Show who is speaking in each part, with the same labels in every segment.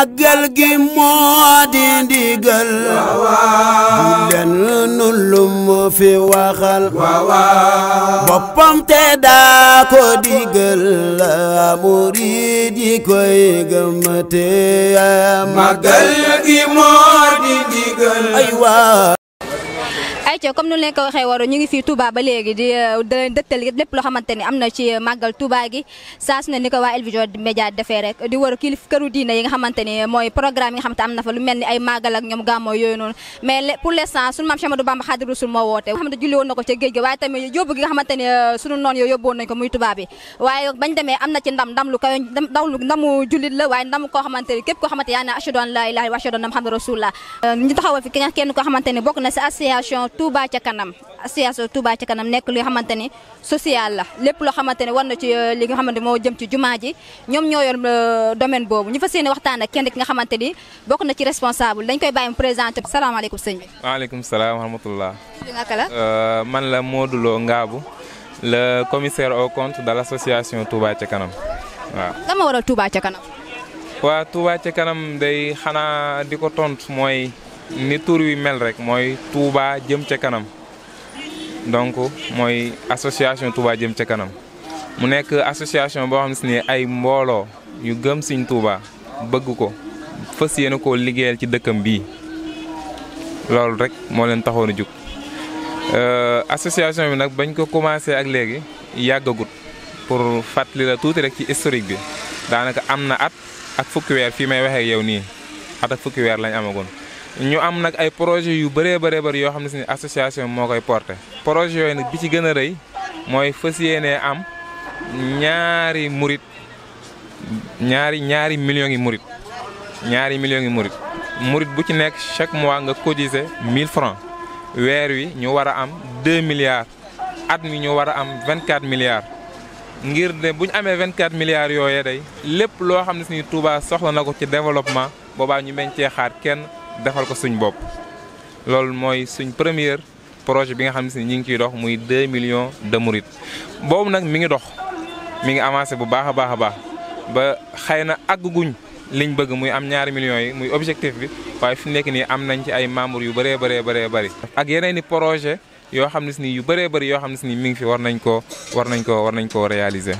Speaker 1: màggal gi moo di ndigal len nu lum fi waxal boppam te daa ko digal murid yi koy gëmate màggal gi moo di ndigal ay Aca comme nu leen ko waxee waroon ñu ngi fii Touba ba léegi di euh, daleen dëgtal loo xamante ni ci euh, màggal Touba gi ni ko waa El Vision Médias defee di war kilif këru diine yi nga xamante mooy programme yi nga xamante am na fa lu mel ni ay màggal ak ñoom gàmmoo yooyu noonu mais pour l'instant suñu maam Cheikh Ahmadou Bamba Khadimou Rassoul moo woote waaye tamit yóbbu gi nga xamante ni euh, suñu noon yoo yóbbu woon muy Touba waaye bañ demee am ci ndam ndam Touba ca kanam association Touba ca kanam nekk li nga social la lépp loo xamante ne war na ci euh, li nga xamante moo jëm ci jumaa ji ñoom ñoo yor euh, domaine boobu ñu fas yéene waxtaan ak kenn ki nga xamante ni bokk na ci responsable dañ koy bàyyi mu présenté salaamaaleykum sëñ bi.
Speaker 2: waaleykum salaam wa rahmatulah. Euh, la Modou Lo Ngabou le commissaire au compte de l' association Touba ca kanam waaw.
Speaker 1: lan waral Touba ca kanam.
Speaker 2: waa Touba ca kanam day xanaa di ko tontu mooy. ni tour wi mel rek moy Touba jëm ci kanam donc moy association Touba jëm ci kanam mu nek association bo xamni ay mbolo yu gëm seigne Touba bëgg ko fassiyene ko liggéeyal ci dëkkam bi lool rek mo leen taxoon juk euh association bi nak bañ ko commencé ak légui yagagut pour fatli la tuuti rek ci historique bi danaka amna at ak fukki wer fi may waxe yow ni at ak fukki wer lañ amagone ñu am nag ay projet yu bëree bëree bëri yoo xam ni si association moo koy porté projet yooyu nag bi ci gën a rëy mooy fas yéenee am ñaari murit ñaari ñaari millions yi murit ñaari millions yi murit murit bu ci nekk chaque mois nga cotiser 1000 francs weer wi ñu war a am 2 milliards at mi ñu war a am 24 milliards ngir ne bu ñu amee 24 milliards yooyee day lépp loo xam ni si Touba soxla na ko ci développement boobaa ñu meñ cee kenn defal ko suñ bopp loolu mooy suñ première projet bi nga xam ne ñu ngi ciy dox muy 2 million de mourides boobu nag mi ngi dox mi ngi avancé bu baax a baax a baax ba xëy na àgguñ liñ bëgg muy am ñaari millions yi muy objectif bi waaye fi mu nekk nii am nañ ci ay membres yu bëree bëree bëree bëri. ak yeneen projet yoo xam ne si nii yu bëree bëri yoo xam ne si nii mi ngi fi war nañ koo war nañ ko war nañ koo réaliser.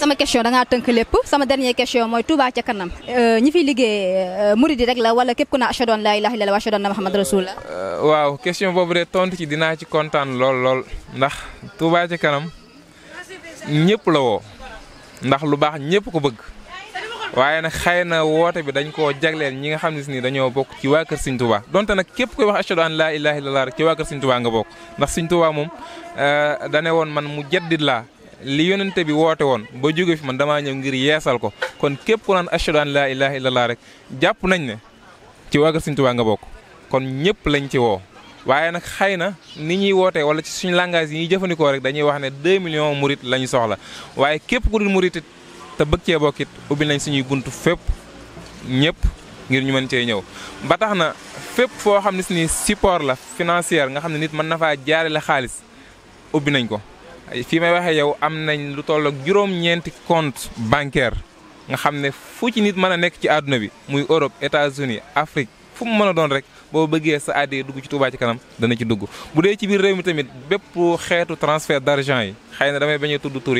Speaker 1: sama question da ngaa tënk lépp sama dernier question mooy Touba ca kanam euh, ñi fiy liggéey euh, muridi rek la wala képp ku ne ashhadu an laa ilaaha illallaah wa ashhadu anna Muhammadan rasulullah
Speaker 2: euh, waaw question boobu de tontu ci dinaa ci kontaan lool lool ndax Touba ca kanam ñëpp la woo ndax lu baax ñëpp ko bëgg. waaye nag xëy na woote bi dañ koo jagleel ñi nga xam ne si ni dañoo bokk ci waa kër Sëñ Tuubaa donte nag képp koy wax ashhadu an laa ilaaha illallaah rek ci waa kër Sëñ Tuubaa nga bokk ndax Sëñ Tuubaa moom euh, dane woon man mu jaddid laa li yonente bi woote woon ba jóge fi man damaa ñëw ngir yeesal ko kon képp ku naan ashhadu an laa ilaaha illallaah rek jàpp nañ ne ci waa kër Sëñ nga bokk kon ñëpp lañ ci woo waaye nag xëy na ni ñuy wootee wala ci suñu langage yi ñuy jëfandikoo rek dañuy wax ne 2 millions murit la ñu soxla waaye képp ku murit te bëgg cee bokkit ubbi nañ suñuy bunt fépp ñëpp ngir ñu mën cee ñëw ba tax na fépp foo xam ne suñuy support la financière nga xam ne nit mën na faa jaare la xaalis ubbi nañ ko fii may waxee yow am nañ lu toll ak juróom-ñeenti compte bancaire nga xam ne fu ci nit mën a nekk ci àdduna bi muy Europe États-Unis Afrique fu mu mën a doon rek boo bëggee sa addee dugg ci Touba ci kanam dana ci dugg bu dee ci biir réew mi tamit bépp xeetu transfert d'argent yi xëy na damay bañ a tudd tur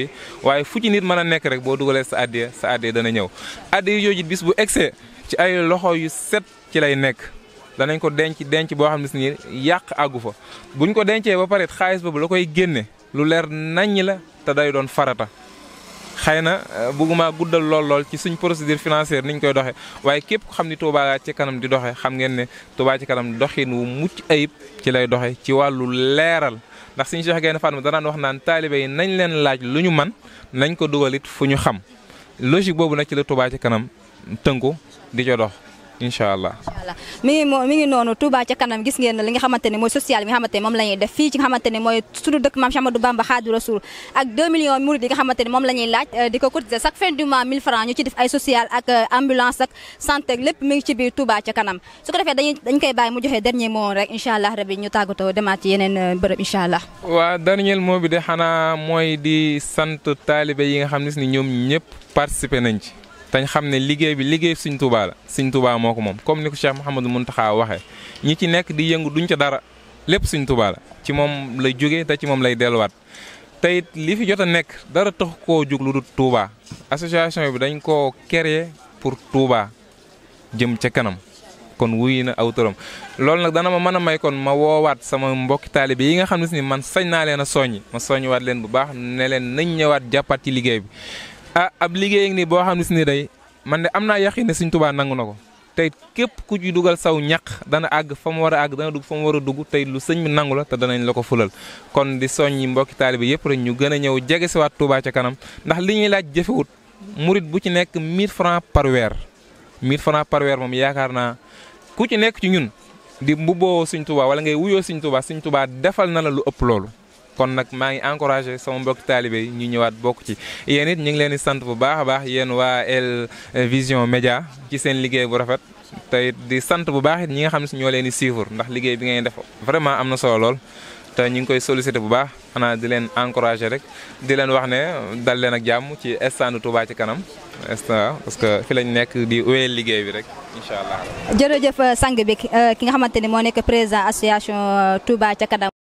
Speaker 2: waaye fu ci nit mën a nekk rek boo dugalee sa addee sa addee dana ñëw addee yooyu bis bu egsee ci ay loxo yu set ci lay nekk danañ ko denc denc boo xam ne si nii yàq àggu fa buñ ko dencee ba pare xaalis boobu la koy génne lu leer naññ la te day doon farata xëy na euh, bëgguma guddal lool lool ci suñ procédure financière niñ koy doxe waaye képp xam ni Touba ci kanam di doxee xam ngeen ne Touba ci kanam doxin wu mucc ayib ci lay doxee ci wàllu leeral ndax suñu ne genn Fatma danaan wax naan taalibe yi nañ leen laaj lu ñu man nañ ko dugal it fu ñu xam logique boobu nag ci la Touba ci kanam tënku di ca dox. incha allah incha allah
Speaker 1: mi ngi mi ngi noonu Touba ca kanam gis ngeen li nga xamante ne mooy social bi nga xamante ne moom la ñuy def fii ci nga xamante ne mooy sunu dëkk maam Cheikh Ahmadou Bamba Khadimou ak 2 millions murid yi nga xamante ne moom la ñuy laaj eh, di ko cotiser chaque fin du mois 1000 francs ñu ci def ay social ak eh, ambulance santé lépp mi ngi ci biir Touba ca kanam su ko defee dañuy dañ koy bàyyi mu joxe dernier mot rek incha allah rabi ñu tàggatoo demaat ci yeneen eh, bërëb incha allah
Speaker 2: waaw dernier mot de mooy di sant taalibe yi nga xam ne ni ñoom ñëpp participé nañ ci dañ xam ne liggéey bi liggéey Sëriñ Tuubaa la Sëriñ Tuubaa moo ko moom comme ni ko Cheikh Mouhamadou Mountakha waxee ñi ci nekk di yëngu duñ ca dara lépp Sëriñ Tuubaa ci moom lay jóge te ci moom lay delluwaat te it li fi jot a nekk dara tax koo jug lu dul Touba association bi dañ koo créer pour Touba jëm ca kanam kon wuy na aw turam loolu nag dana ma mën a may kon ma woowaat sama mbokki taalibe yi nga xam ne si man sañ naa leen a soññi ma soññiwaat leen bu baax ne leen nañ ñëwaat jàppaat ci liggéey bi. ah ab liggéey ak ni boo xam ne si ni day man de am naa yaqin ne Sëriñ Tuubaa nangu na ko tey képp ku ci dugal saw ñaq dana àgg fa mu war a àgg dana dugg fa mu war a dugg tey lu sëñ bi nangu la te danañ la ko fulal kon di soññi mbokki taalibe yëpp rek ñu gën a ñëw jege si waat ca kanam ndax li ñuy laaj jëfewut murit bu ci nekk 1000 francs par weer 1000 francs par weer moom yaakaar naa ku ci nekk ci ñun di mbubboo Sëñ Tuubaa wala ngay wuyoo Sëñ Tuubaa Sëñ defal na la lu ëpp loolu kon nag maa ngi encouragé sama mbokk taalibe yi ñu ñëwaat bokk ci yéen it ñu ngi leen di bu baax a baax yéen waa El Vision Média ci seen liggéey bu rafet te di sant bu baax ñi nga xam si ñoo leen di suivre ndax liggéey bi ngay def vraiment am na solo lool te ñu ngi koy sollicité bu baax xanaa di leen encouragé rek di leen wax ne dal leen ak jàmm ci stand Touba ci kanam stand parce que fi lañ nekk di wéyal liggéey bi rek incha
Speaker 1: allah.